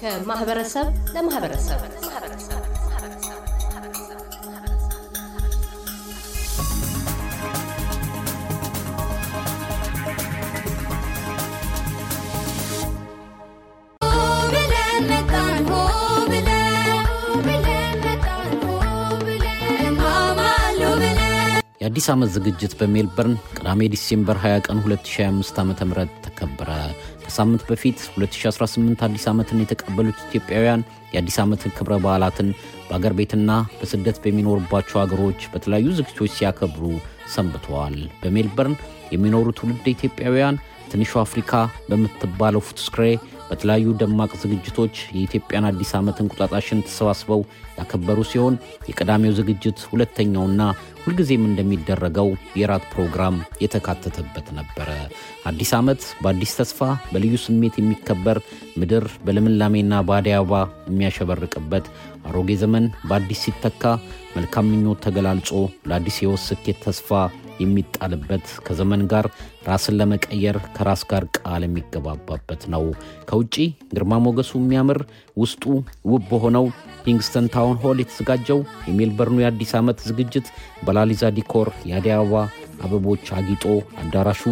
ከማህበረሰብ ለማህበረሰብ የአዲስ ዓመት ዝግጅት በሜልበርን ቅዳሜ ዲሴምበር 20 ቀን 2025 ዓ ም ተከበረ። ከሳምንት በፊት 2018 አዲስ ዓመትን የተቀበሉት ኢትዮጵያውያን የአዲስ ዓመትን ክብረ በዓላትን በአገር ቤትና በስደት በሚኖሩባቸው አገሮች በተለያዩ ዝግጅቶች ሲያከብሩ ሰንብተዋል። በሜልበርን የሚኖሩ ትውልድ ኢትዮጵያውያን ትንሹ አፍሪካ በምትባለው ፉትስክሬ በተለያዩ ደማቅ ዝግጅቶች የኢትዮጵያን አዲስ ዓመት እንቁጣጣሽን ተሰባስበው ያከበሩ ሲሆን የቀዳሚው ዝግጅት ሁለተኛውና ሁልጊዜም እንደሚደረገው የራት ፕሮግራም የተካተተበት ነበረ። አዲስ ዓመት በአዲስ ተስፋ በልዩ ስሜት የሚከበር ምድር በልምላሜና በአደይ አበባ የሚያሸበርቅበት አሮጌ ዘመን በአዲስ ሲተካ መልካም ምኞት ተገላልጾ ለአዲስ የወስ ተስፋ የሚጣልበት ከዘመን ጋር ራስን ለመቀየር ከራስ ጋር ቃል የሚገባባበት ነው። ከውጪ ግርማ ሞገሱ የሚያምር ውስጡ ውብ በሆነው ኪንግስተን ታውን ሆል የተዘጋጀው የሜልበርኑ የአዲስ ዓመት ዝግጅት በላሊዛ ዲኮር የአዲስ አበባ አበቦች አጊጦ አዳራሹ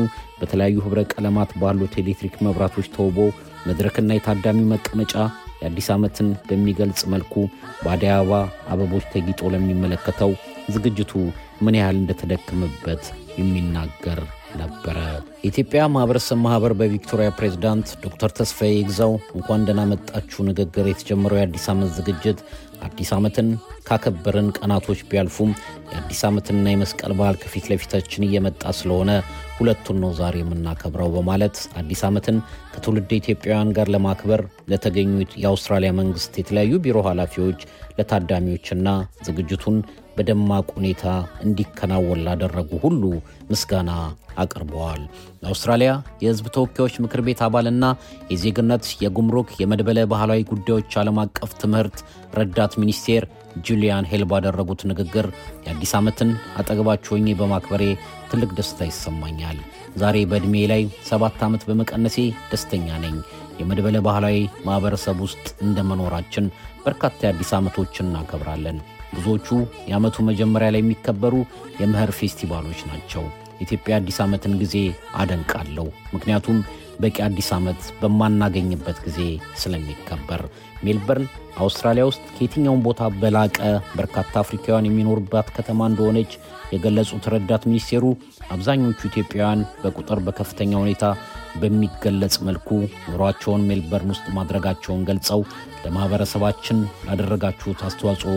በተለያዩ ኅብረ ቀለማት ባሉት የኤሌክትሪክ መብራቶች ተውቦ መድረክና የታዳሚ መቀመጫ የአዲስ ዓመትን በሚገልጽ መልኩ በአዲስ አበባ አበቦች ተጊጦ ለሚመለከተው ዝግጅቱ ምን ያህል እንደተደክምበት የሚናገር ነበረ። የኢትዮጵያ ማህበረሰብ ማህበር በቪክቶሪያ ፕሬዝዳንት ዶክተር ተስፋዬ ይግዛው እንኳን ደህና መጣችሁ ንግግር የተጀመረው የአዲስ ዓመት ዝግጅት አዲስ ዓመትን ካከበርን ቀናቶች ቢያልፉም የአዲስ ዓመትና የመስቀል በዓል ከፊት ለፊታችን እየመጣ ስለሆነ ሁለቱን ነው ዛሬ የምናከብረው በማለት አዲስ ዓመትን ከትውልድ ኢትዮጵያውያን ጋር ለማክበር ለተገኙት የአውስትራሊያ መንግስት የተለያዩ ቢሮ ኃላፊዎች፣ ለታዳሚዎችና ዝግጅቱን በደማቅ ሁኔታ እንዲከናወን ላደረጉ ሁሉ ምስጋና አቅርበዋል። የአውስትራሊያ የህዝብ ተወካዮች ምክር ቤት አባልና የዜግነት የጉምሩክ፣ የመድበለ ባህላዊ ጉዳዮች ዓለም አቀፍ ትምህርት ረዳት ሚኒስቴር ጁሊያን ሄል ባደረጉት ንግግር የአዲስ ዓመትን አጠገባቸው ሆኜ በማክበሬ ትልቅ ደስታ ይሰማኛል። ዛሬ በዕድሜ ላይ ሰባት ዓመት በመቀነሴ ደስተኛ ነኝ። የመድበለ ባህላዊ ማኅበረሰብ ውስጥ እንደመኖራችን በርካታ የአዲስ ዓመቶችን እናከብራለን። ብዙዎቹ የዓመቱ መጀመሪያ ላይ የሚከበሩ የመኸር ፌስቲቫሎች ናቸው። ኢትዮጵያ አዲስ ዓመትን ጊዜ አደንቃለሁ። ምክንያቱም በቂ አዲስ ዓመት በማናገኝበት ጊዜ ስለሚከበር። ሜልበርን አውስትራሊያ ውስጥ ከየትኛውም ቦታ በላቀ በርካታ አፍሪካውያን የሚኖርባት ከተማ እንደሆነች የገለጹት ረዳት ሚኒስቴሩ አብዛኞቹ ኢትዮጵያውያን በቁጥር በከፍተኛ ሁኔታ በሚገለጽ መልኩ ኑሯቸውን ሜልበርን ውስጥ ማድረጋቸውን ገልጸው ለማኅበረሰባችን ላደረጋችሁት አስተዋጽኦ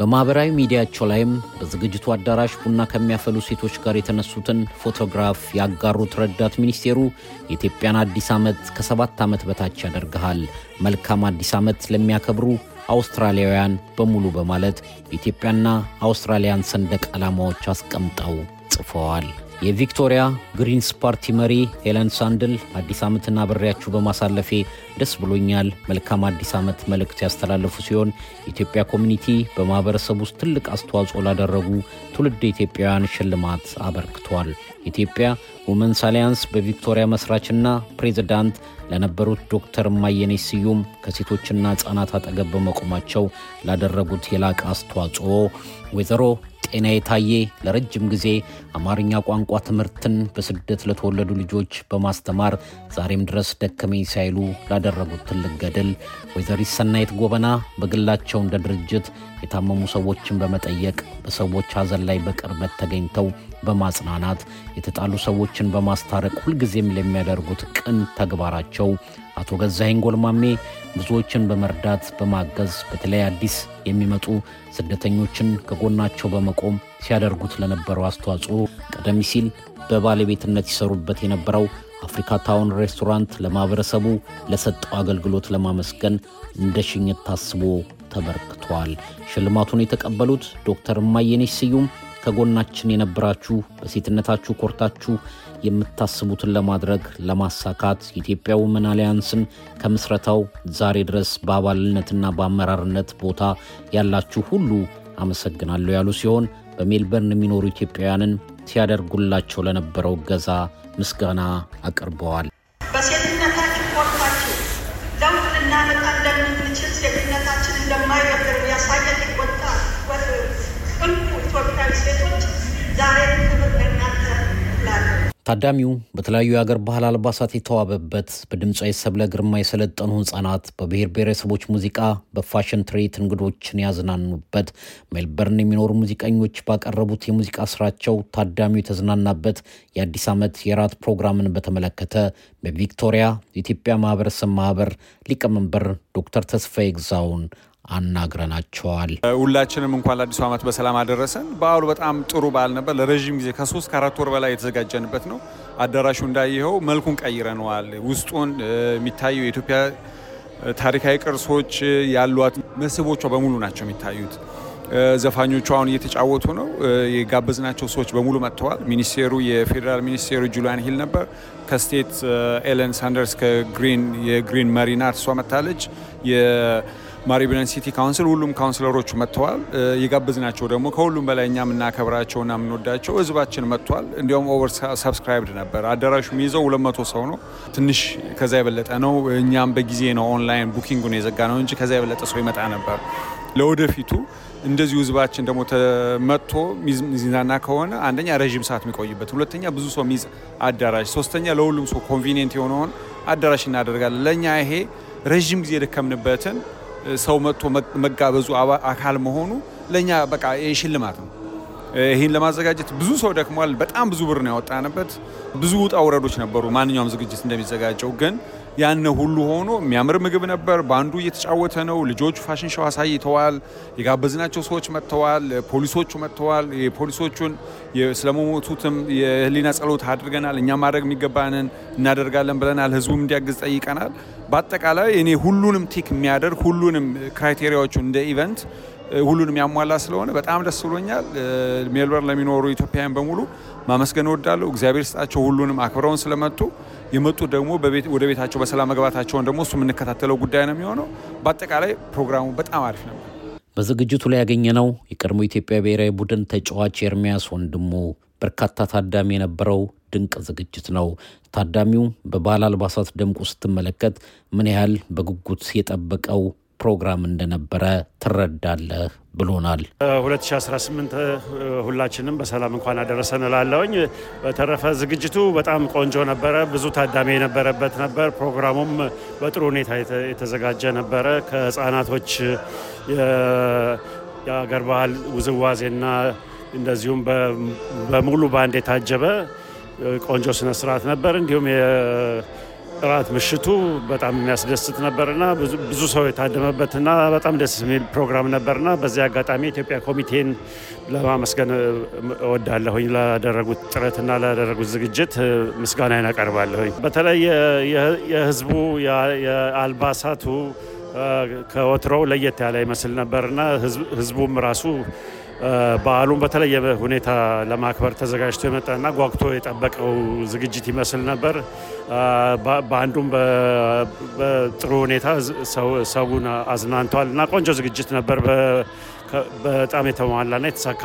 በማኅበራዊ ሚዲያቸው ላይም በዝግጅቱ አዳራሽ ቡና ከሚያፈሉ ሴቶች ጋር የተነሱትን ፎቶግራፍ ያጋሩት ረዳት ሚኒስቴሩ የኢትዮጵያን አዲስ ዓመት ከሰባት ዓመት በታች ያደርግሃል፣ መልካም አዲስ ዓመት ለሚያከብሩ አውስትራሊያውያን በሙሉ በማለት የኢትዮጵያና አውስትራሊያን ሰንደቅ ዓላማዎች አስቀምጠው ጽፈዋል። የቪክቶሪያ ግሪንስ ፓርቲ መሪ ሄለን ሳንድል አዲስ ዓመትና አብሬያችሁ በማሳለፌ ደስ ብሎኛል፣ መልካም አዲስ ዓመት መልእክት ያስተላለፉ ሲሆን የኢትዮጵያ ኮሚኒቲ በማህበረሰብ ውስጥ ትልቅ አስተዋጽኦ ላደረጉ ትውልድ ኢትዮጵያውያን ሽልማት አበርክቷል። ኢትዮጵያ ውመንስ አሊያንስ በቪክቶሪያ መስራችና ፕሬዝዳንት ለነበሩት ዶክተር ማየኔ ስዩም ከሴቶችና ህጻናት አጠገብ በመቆማቸው ላደረጉት የላቀ አስተዋጽኦ ወይዘሮ ጤና የታየ ለረጅም ጊዜ አማርኛ ቋንቋ ትምህርትን በስደት ለተወለዱ ልጆች በማስተማር ዛሬም ድረስ ደከመኝ ሳይሉ ላደረጉት ትልቅ ገድል ወይዘሪት ሰናይት ጎበና በግላቸው እንደ ድርጅት የታመሙ ሰዎችን በመጠየቅ በሰዎች ሀዘን ላይ በቅርበት ተገኝተው በማጽናናት የተጣሉ ሰዎችን በማስታረቅ ሁልጊዜም ለሚያደርጉት ቅን ተግባራቸው አቶ ገዛሄን ጎልማሜ ብዙዎችን በመርዳት በማገዝ በተለይ አዲስ የሚመጡ ስደተኞችን ከጎናቸው በመቆም ሲያደርጉት ለነበረው አስተዋጽኦ ቀደም ሲል በባለቤትነት ይሰሩበት የነበረው አፍሪካ ታውን ሬስቶራንት ለማህበረሰቡ ለሰጠው አገልግሎት ለማመስገን እንደ ሽኝት ታስቦ ተበርክቷል። ሽልማቱን የተቀበሉት ዶክተር እማየነሽ ስዩም ከጎናችን የነበራችሁ በሴትነታችሁ ኮርታችሁ የምታስቡትን ለማድረግ ለማሳካት የኢትዮጵያ ውመን አሊያንስን ከምስረታው ዛሬ ድረስ በአባልነትና በአመራርነት ቦታ ያላችሁ ሁሉ አመሰግናለሁ ያሉ ሲሆን በሜልበርን የሚኖሩ ኢትዮጵያውያንን ሲያደርጉላቸው ለነበረው እገዛ ምስጋና አቅርበዋል። ታዳሚው በተለያዩ የአገር ባህል አልባሳት የተዋበበት በድምፃዊ ሰብለ ግርማ የሰለጠኑ ህጻናት በብሔር ብሔረሰቦች ሙዚቃ በፋሽን ትርኢት እንግዶችን ያዝናኑበት፣ ሜልበርን የሚኖሩ ሙዚቀኞች ባቀረቡት የሙዚቃ ስራቸው ታዳሚው የተዝናናበት የአዲስ ዓመት የራት ፕሮግራምን በተመለከተ በቪክቶሪያ የኢትዮጵያ ማህበረሰብ ማህበር ሊቀመንበር ዶክተር ተስፋዬ ግዛውን አናግረናቸዋል። ሁላችንም እንኳን ለአዲሱ ዓመት በሰላም አደረሰን። በዓሉ በጣም ጥሩ በዓል ነበር። ለረዥም ጊዜ ከሶስት ከአራት ወር በላይ የተዘጋጀንበት ነው። አዳራሹ እንዳየኸው መልኩን ቀይረነዋል። ውስጡን የሚታየው የኢትዮጵያ ታሪካዊ ቅርሶች ያሏት መስህቦቿ በሙሉ ናቸው የሚታዩት። ዘፋኞቹ አሁን እየተጫወቱ ነው። የጋበዝናቸው ሰዎች በሙሉ መጥተዋል። ሚኒስቴሩ የፌዴራል ሚኒስቴሩ ጁሊያን ሂል ነበር። ከስቴት ኤለን ሳንደርስ ከግሪን የግሪን መሪና እርሷ መታለች። ማሪብነን ሲቲ ካውንስል ሁሉም ካውንስለሮች መጥተዋል። የጋበዝናቸው ደግሞ ከሁሉም በላይ እኛ የምናከብራቸውና የምንወዳቸው ህዝባችን መጥቷል። እንዲያውም ኦቨር ሰብስክራይብድ ነበር። አዳራሹ የሚይዘው 200 ሰው ነው። ትንሽ ከዛ የበለጠ ነው። እኛም በጊዜ ነው ኦንላይን ቡኪንጉን የዘጋ ነው እንጂ ከዛ የበለጠ ሰው ይመጣ ነበር። ለወደፊቱ እንደዚሁ ህዝባችን ደግሞ ተመጥቶ ሚዝናና ከሆነ አንደኛ ረዥም ሰዓት የሚቆይበት፣ ሁለተኛ ብዙ ሰው ሚዝ አዳራሽ፣ ሶስተኛ ለሁሉም ሰው ኮንቪኒየንት የሆነውን አዳራሽ እናደርጋለን። ለእኛ ይሄ ረዥም ጊዜ የደከምንበትን ሰው መጥቶ መጋበዙ አካል መሆኑ ለእኛ በቃ ይህ ሽልማት ነው። ይህን ለማዘጋጀት ብዙ ሰው ደክሟል። በጣም ብዙ ብር ነው ያወጣንበት። ብዙ ውጣ ውረዶች ነበሩ ማንኛውም ዝግጅት እንደሚዘጋጀው ግን ያነ ሁሉ ሆኖ የሚያምር ምግብ ነበር። ባንዱ እየተጫወተ ነው። ልጆች ፋሽን ሾው አሳይተዋል። የጋበዝናቸው ሰዎች መጥተዋል። ፖሊሶቹ መጥተዋል። የፖሊሶቹን ስለመሞቱትም የህሊና ጸሎት አድርገናል። እኛ ማድረግ የሚገባንን እናደርጋለን ብለናል። ህዝቡም እንዲያግዝ ጠይቀናል። በአጠቃላይ እኔ ሁሉንም ቲክ የሚያደርግ ሁሉንም ክራይቴሪያዎቹ እንደ ኢቨንት ሁሉንም ያሟላ ስለሆነ በጣም ደስ ብሎኛል። ሜልበርን ለሚኖሩ ኢትዮጵያውያን በሙሉ ማመስገን እወዳለሁ። እግዚአብሔር ስጣቸው ሁሉንም አክብረውን ስለመጡ የመጡ ደግሞ ወደ ቤታቸው በሰላም መግባታቸውን ደግሞ እሱ የምንከታተለው ጉዳይ ነው የሚሆነው። በአጠቃላይ ፕሮግራሙ በጣም አሪፍ ነበር። በዝግጅቱ ላይ ያገኘነው የቀድሞ ኢትዮጵያ ብሔራዊ ቡድን ተጫዋች ኤርሚያስ ወንድሙ በርካታ ታዳሚ የነበረው ድንቅ ዝግጅት ነው። ታዳሚው በባህል አልባሳት ደምቆ ስትመለከት ምን ያህል በጉጉት የጠበቀው ፕሮግራም እንደነበረ ትረዳለህ ብሎናል። 2018 ሁላችንም በሰላም እንኳን አደረሰን እላለሁኝ። በተረፈ ዝግጅቱ በጣም ቆንጆ ነበረ። ብዙ ታዳሚ የነበረበት ነበር። ፕሮግራሙም በጥሩ ሁኔታ የተዘጋጀ ነበረ። ከህፃናቶች የአገር ባህል ውዝዋዜና እንደዚሁም በሙሉ ባንድ የታጀበ ቆንጆ ስነስርዓት ነበር። እንዲሁም ጥራት ምሽቱ በጣም የሚያስደስት ነበርና ብዙ ሰው የታደመበትና በጣም ደስ የሚል ፕሮግራም ነበርና በዚህ አጋጣሚ ኢትዮጵያ ኮሚቴን ለማመስገን እወዳለሁኝ። ላደረጉት ጥረትና ላደረጉት ዝግጅት ምስጋና አቀርባለሁኝ። በተለይ የህዝቡ የአልባሳቱ ከወትሮው ለየት ያለ ይመስል ነበርና ህዝቡም ራሱ በዓሉን በተለየ ሁኔታ ለማክበር ተዘጋጅቶ የመጣና ጓግቶ የጠበቀው ዝግጅት ይመስል ነበር። በአንዱም በጥሩ ሁኔታ ሰውን አዝናንቷል እና ቆንጆ ዝግጅት ነበር። በጣም የተሟላና የተሳካ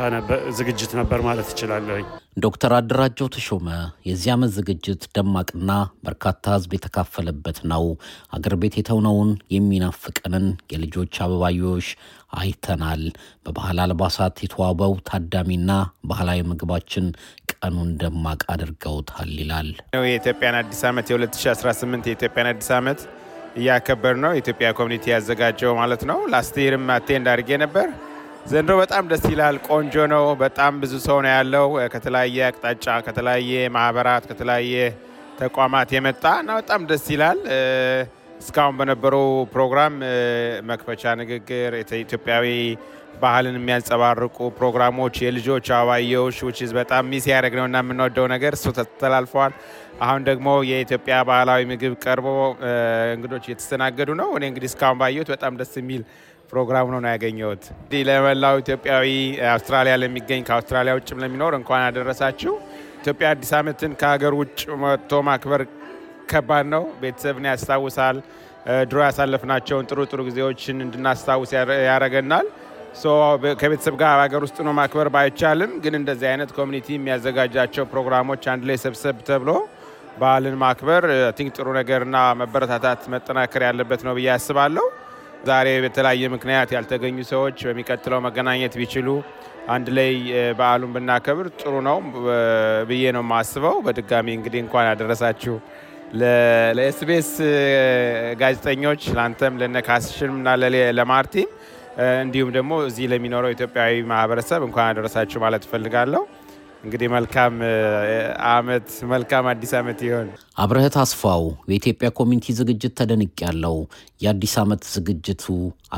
ዝግጅት ነበር ማለት እችላለሁኝ። ዶክተር አደራጀው ተሾመ የዚህ ዓመት ዝግጅት ደማቅና በርካታ ሕዝብ የተካፈለበት ነው። አገር ቤት የተውነውን የሚናፍቀንን የልጆች አበባዮሽ አይተናል። በባህል አልባሳት የተዋበው ታዳሚና ባህላዊ ምግባችን ቀኑን ደማቅ አድርገውታል ይላል። የኢትዮጵያን አዲስ ዓመት የ2018 የኢትዮጵያን አዲስ ዓመት እያከበር ነው። ኢትዮጵያ ኮሚኒቲ ያዘጋጀው ማለት ነው። ላስት ይርም አቴንድ አድርጌ ነበር። ዘንድሮ በጣም ደስ ይላል። ቆንጆ ነው። በጣም ብዙ ሰው ነው ያለው ከተለያየ አቅጣጫ፣ ከተለያየ ማህበራት፣ ከተለያየ ተቋማት የመጣ እና በጣም ደስ ይላል። እስካሁን በነበረው ፕሮግራም መክፈቻ ንግግር፣ ኢትዮጵያዊ ባህልን የሚያንጸባርቁ ፕሮግራሞች፣ የልጆች አባየዎች ውችዝ በጣም ሚስ ነው እና የምንወደው ነገር እሱ ተላልፈዋል። አሁን ደግሞ የኢትዮጵያ ባህላዊ ምግብ ቀርቦ እንግዶች እየተስተናገዱ ነው። እኔ እንግዲህ እስካሁን ባየሁት በጣም ደስ የሚል ፕሮግራም ነው ያገኘሁት። እንግዲህ ለመላው ኢትዮጵያዊ አውስትራሊያ ለሚገኝ ከአውስትራሊያ ውጭም ለሚኖር እንኳን አደረሳችሁ። ኢትዮጵያ አዲስ ዓመትን ከሀገር ውጭ መጥቶ ማክበር ከባድ ነው። ቤተሰብን ያስታውሳል። ድሮ ያሳለፍናቸውን ጥሩ ጥሩ ጊዜዎችን እንድናስታውስ ያደርገናል። ከቤተሰብ ጋር ሀገር ውስጥ ነው ማክበር ባይቻልም ግን እንደዚህ አይነት ኮሚኒቲ የሚያዘጋጃቸው ፕሮግራሞች አንድ ላይ ሰብሰብ ተብሎ ባህልን ማክበር ቲንክ ጥሩ ነገርና መበረታታት መጠናከር ያለበት ነው ብዬ አስባለሁ። ዛሬ በተለያየ ምክንያት ያልተገኙ ሰዎች በሚቀጥለው መገናኘት ቢችሉ አንድ ላይ በዓሉን ብናከብር ጥሩ ነው ብዬ ነው የማስበው። በድጋሚ እንግዲህ እንኳን ያደረሳችሁ ለኤስቢኤስ ጋዜጠኞች ለአንተም ለነካስሽም እና ለማርቲን እንዲሁም ደግሞ እዚህ ለሚኖረው ኢትዮጵያዊ ማህበረሰብ እንኳን አደረሳችሁ ማለት እፈልጋለሁ። እንግዲህ መልካም አመት መልካም አዲስ ዓመት ይሆን። አብረህ ታስፋው የኢትዮጵያ ኮሚኒቲ ዝግጅት ተደንቅ ያለው የአዲስ አመት ዝግጅቱ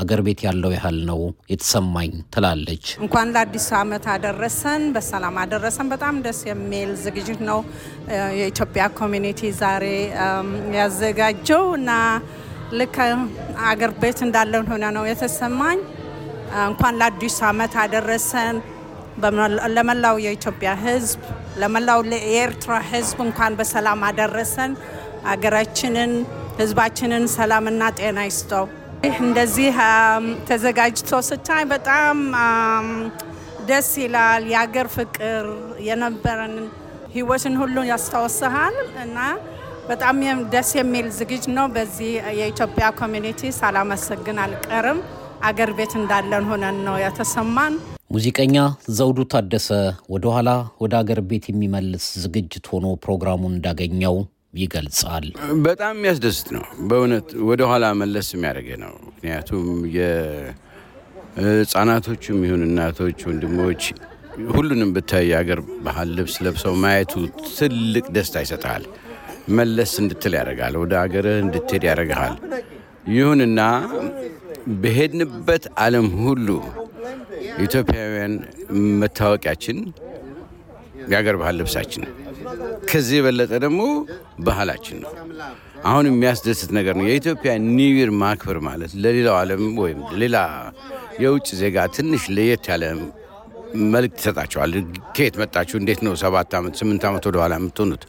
አገር ቤት ያለው ያህል ነው የተሰማኝ ትላለች። እንኳን ለአዲስ ዓመት አደረሰን፣ በሰላም አደረሰን። በጣም ደስ የሚል ዝግጅት ነው የኢትዮጵያ ኮሚኒቲ ዛሬ ያዘጋጀው እና ልክ አገር ቤት እንዳለን ሆነ ነው የተሰማኝ። እንኳን ለአዲስ ዓመት አደረሰን። ለመላው የኢትዮጵያ ህዝብ ለመላው የኤርትራ ህዝብ እንኳን በሰላም አደረሰን። አገራችንን ህዝባችንን ሰላምና ጤና ይስጠው። ይህ እንደዚህ ተዘጋጅቶ ስታይ በጣም ደስ ይላል። የአገር ፍቅር የነበረን ህይወትን ሁሉ ያስታወሰሃል እና በጣም ደስ የሚል ዝግጅ ነው። በዚህ የኢትዮጵያ ኮሚኒቲ ሳላመሰግን አልቀርም። አገር ቤት እንዳለን ሆነን ነው የተሰማን። ሙዚቀኛ ዘውዱ ታደሰ ወደ ኋላ ወደ አገር ቤት የሚመልስ ዝግጅት ሆኖ ፕሮግራሙን እንዳገኘው ይገልጻል። በጣም የሚያስደስት ነው በእውነት ወደ ኋላ መለስ የሚያደርገ ነው። ምክንያቱም የህፃናቶቹም ይሁን እናቶች፣ ወንድሞች ሁሉንም ብታይ የአገር ባህል ልብስ ለብሰው ማየቱ ትልቅ ደስታ ይሰጥሃል። መለስ እንድትል ያደርግሃል። ወደ አገርህ እንድትሄድ ያደርግሃል። ይሁንና በሄድንበት ዓለም ሁሉ ኢትዮጵያውያን መታወቂያችን የሀገር ባህል ልብሳችን ከዚህ የበለጠ ደግሞ ባህላችን ነው። አሁን የሚያስደስት ነገር ነው። የኢትዮጵያ ኒውይር ማክበር ማለት ለሌላው ዓለም ወይም ሌላ የውጭ ዜጋ ትንሽ ለየት ያለ መልክ ትሰጣቸዋል። ከየት መጣችሁ? እንዴት ነው ሰባት ዓመት ስምንት ዓመት ወደኋላ የምትሆኑት?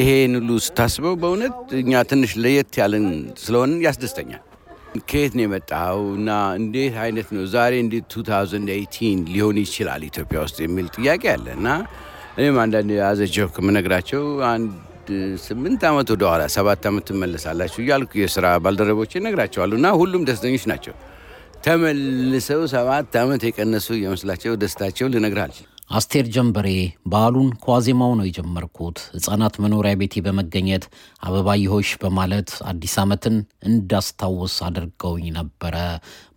ይሄን ሁሉ ስታስበው በእውነት እኛ ትንሽ ለየት ያለን ስለሆንን ያስደስተኛል። ከየት ነው የመጣው እና እንዴት አይነት ነው ዛሬ እንዴት 2018 ሊሆን ይችላል ኢትዮጵያ ውስጥ የሚል ጥያቄ አለ እና እኔም አንዳንድ አዘጀው ከምነግራቸው አንድ ስምንት ዓመት ወደኋላ ሰባት ዓመት ትመለሳላችሁ እያልኩ የስራ ባልደረቦች ነግራቸዋሉ እና ሁሉም ደስተኞች ናቸው። ተመልሰው ሰባት ዓመት የቀነሱ የመስላቸው ደስታቸው ልነግርህ አልችልም። አስቴር ጀንበሬ በዓሉን ከዋዜማው ነው የጀመርኩት። ሕፃናት መኖሪያ ቤቴ በመገኘት አበባ ይሆሽ በማለት አዲስ ዓመትን እንዳስታውስ አድርገውኝ ነበረ።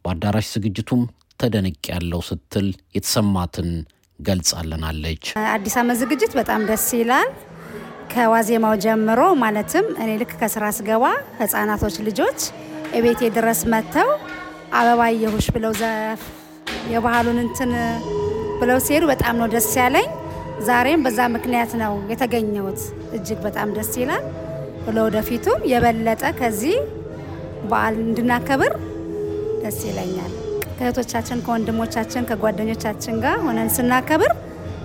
በአዳራሽ ዝግጅቱም ተደንቅ ያለው ስትል የተሰማትን ገልጻለናለች። አዲስ ዓመት ዝግጅት በጣም ደስ ይላል። ከዋዜማው ጀምሮ ማለትም እኔ ልክ ከስራ ስገባ ሕፃናቶች ልጆች እቤቴ ድረስ መጥተው አበባ ይሆሽ ብለው ዘፍ የባህሉን እንትን ብለው ሲሄዱ በጣም ነው ደስ ያለኝ። ዛሬም በዛ ምክንያት ነው የተገኘሁት። እጅግ በጣም ደስ ይላል። ወደፊቱ የበለጠ ከዚህ በዓል እንድናከብር ደስ ይለኛል። ከእህቶቻችን፣ ከወንድሞቻችን፣ ከጓደኞቻችን ጋር ሆነን ስናከብር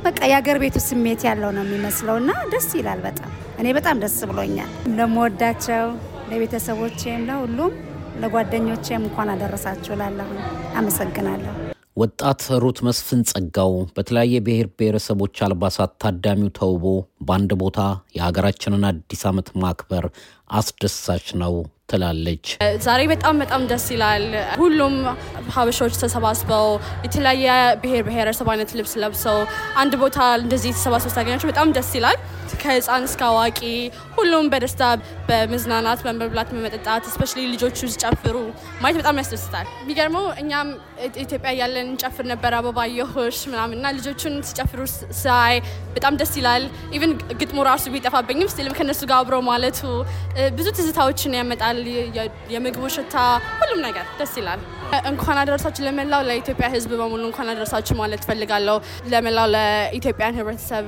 በቃ የአገር ቤቱ ስሜት ያለው ነው የሚመስለው እና ደስ ይላል በጣም እኔ በጣም ደስ ብሎኛል። ለመወዳቸው ለቤተሰቦቼም፣ ለሁሉም ለጓደኞቼም እንኳን አደረሳችሁ ላለሁ አመሰግናለሁ። ወጣት ሩት መስፍን ጸጋው በተለያየ ብሔር ብሔረሰቦች አልባሳት ታዳሚው ተውቦ በአንድ ቦታ የሀገራችንን አዲስ ዓመት ማክበር አስደሳች ነው ትላለች። ዛሬ በጣም በጣም ደስ ይላል። ሁሉም ሀበሾች ተሰባስበው የተለያየ ብሔር ብሔረሰብ አይነት ልብስ ለብሰው አንድ ቦታ እንደዚህ ተሰባስበው ስታገኛቸው በጣም ደስ ይላል። ከህፃን እስከ አዋቂ ሁሉም በደስታ በመዝናናት በመብላት በመጠጣት እስፔሻሊ ልጆቹ ሲጨፍሩ ማየት በጣም ያስደስታል። የሚገርመው እኛም ኢትዮጵያ ያለን እንጨፍር ነበር አበባ ምናምን እና ልጆቹን ሲጨፍሩ ሳይ በጣም ደስ ይላል። ኢቨን ግጥሙ ራሱ ቢጠፋብኝም ስቲልም ከነሱ ጋር አብሮ ማለቱ ብዙ ትዝታዎችን ያመጣል። የምግቡ ሽታ፣ ሁሉም ነገር ደስ ይላል። እንኳን አደረሳችሁ ለመላው ለኢትዮጵያ ህዝብ በሙሉ እንኳን አደረሳችሁ ማለት እፈልጋለሁ። ለመላው ለኢትዮጵያን ህብረተሰብ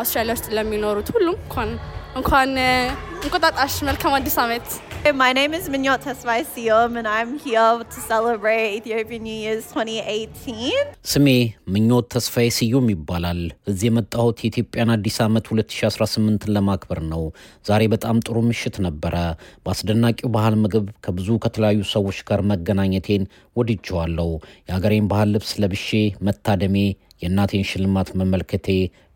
አውስትራሊያ ውስጥ ለሚኖሩት ሁሉም እንኳን እንኳን እንቁጣጣሽ መልካም አዲስ ዓመት። My name is Mignot Tesfai Siom and I'm here to celebrate Ethiopian New Year's 2018. ስሜ ምኞት ተስፋዬ ስዩም ይባላል። እዚህ የመጣሁት የኢትዮጵያን አዲስ ዓመት 2018ን ለማክበር ነው። ዛሬ በጣም ጥሩ ምሽት ነበረ። በአስደናቂው ባህል ምግብ ከብዙ ከተለያዩ ሰዎች ጋር መገናኘቴን ወድጄዋለሁ። የሀገሬን ባህል ልብስ ለብሼ መታደሜ፣ የእናቴን ሽልማት መመልከቴ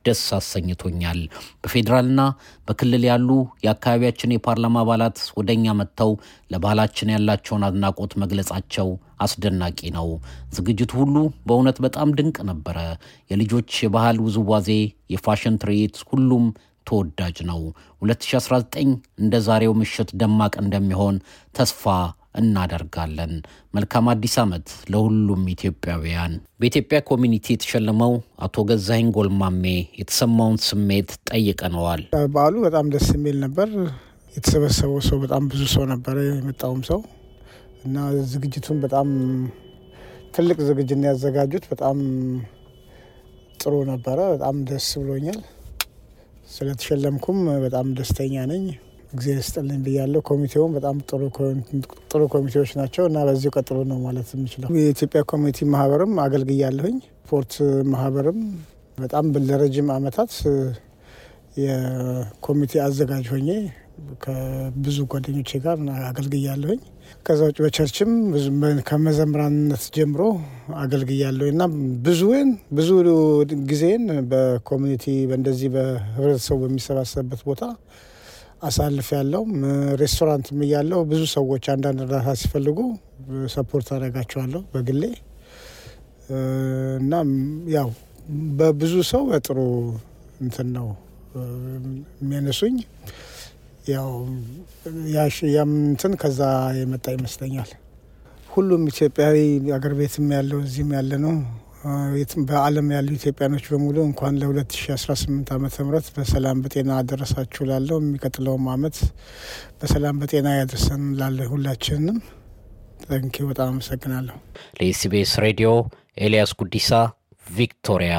ደስ አሰኝቶኛል። በፌዴራልና በክልል ያሉ የአካባቢያችን የፓርላማ አባላት ወደ እኛ መጥተው ለባህላችን ያላቸውን አድናቆት መግለጻቸው አስደናቂ ነው። ዝግጅቱ ሁሉ በእውነት በጣም ድንቅ ነበረ። የልጆች የባህል ውዝዋዜ፣ የፋሽን ትርኢት፣ ሁሉም ተወዳጅ ነው። 2019 እንደ ዛሬው ምሽት ደማቅ እንደሚሆን ተስፋ እናደርጋለን። መልካም አዲስ ዓመት ለሁሉም ኢትዮጵያውያን። በኢትዮጵያ ኮሚኒቲ የተሸለመው አቶ ገዛኸኝ ጎልማሜ የተሰማውን ስሜት ጠይቀነዋል። በዓሉ በጣም ደስ የሚል ነበር። የተሰበሰበው ሰው በጣም ብዙ ሰው ነበረ፣ የመጣውም ሰው እና ዝግጅቱን በጣም ትልቅ ዝግጅት ያዘጋጁት። በጣም ጥሩ ነበረ። በጣም ደስ ብሎኛል። ስለተሸለምኩም በጣም ደስተኛ ነኝ። ጊዜ ይስጥልኝ ብያለሁ። ኮሚቴውም በጣም ጥሩ ኮሚቴዎች ናቸው እና በዚሁ ቀጥሎ ነው ማለት የምችለው። የኢትዮጵያ ኮሚቴ ማህበርም አገልግያለሁኝ። ስፖርት ማህበርም በጣም ለረጅም አመታት የኮሚቴ አዘጋጅ ሆኜ ከብዙ ጓደኞቼ ጋር አገልግያለሁኝ። ከዛ ውጭ በቸርችም ከመዘምራንነት ጀምሮ አገልግያለሁ እና ብዙን ብዙ ጊዜን በኮሚኒቲ በእንደዚህ በህብረተሰቡ በሚሰባሰብበት ቦታ አሳልፍ ያለው ሬስቶራንት እያለው ብዙ ሰዎች አንዳንድ እርዳታ ሲፈልጉ ሰፖርት አደርጋቸዋለሁ በግሌ እና ያው በብዙ ሰው በጥሩ እንትን ነው የሚያነሱኝ። ያው ያም እንትን ከዛ የመጣ ይመስለኛል። ሁሉም ኢትዮጵያዊ አገር ቤትም ያለው እዚህም ያለ ነው በዓለም ያሉ ኢትዮጵያኖች በሙሉ እንኳን ለ2018 ዓ ምት በሰላም በጤና አደረሳችሁ ላለው የሚቀጥለውም አመት በሰላም በጤና ያደርሰን ላለ ሁላችንም ጠንኪ በጣም አመሰግናለሁ። ለኤስቢኤስ ሬዲዮ ኤልያስ ጉዲሳ ቪክቶሪያ።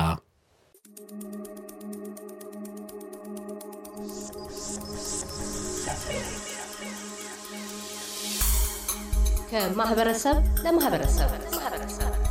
ከማህበረሰብ ለማህበረሰብ